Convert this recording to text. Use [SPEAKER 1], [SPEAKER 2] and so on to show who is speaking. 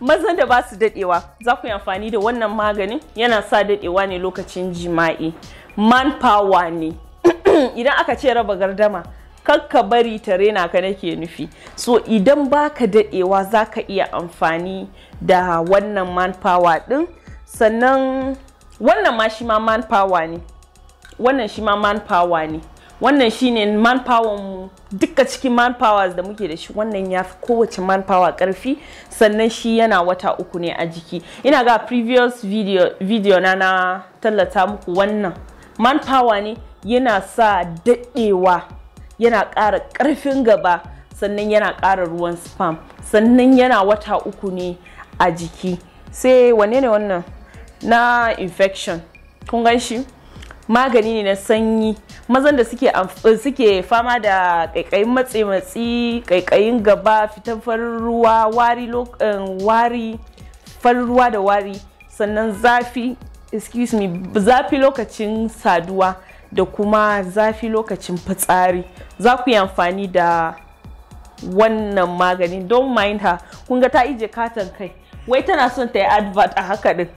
[SPEAKER 1] mazan da basu su dadewa za ku yi amfani da wannan maganin yana sa dadewa ne lokacin jima'i man power ne idan aka ce raba gardama kakka bari ta rena ka nake nufi so idan baka dadewa za ka iya amfani da wannan man din sannan wannan ma shi ma man ne wannan shi ma man power ne wannan shine manpower mu duka cikin manpowers da muke da shi wannan ya fi kowace manpower karfi sannan shi yana wata uku ne a jiki ina ga previous video, video na na tallata muku wannan manpower ne yana sa daɗewa yana ƙara ƙarfin gaba sannan yana ƙara ruwan spam sannan yana wata uku ne a jiki sai wanne ne wannan na infection kun gan shi magani ne na sanyi mazan da suke eh, fama da kaikayin matse matsi kaikayin gaba fitan farin ruwa eh, wari farin ruwa da wari sannan zafi excuse me zafi lokacin saduwa da kuma zafi lokacin fitsari za ku yi amfani da wannan magani don mind her kun ta ije katon kai wai tana son ta yi advert a haka din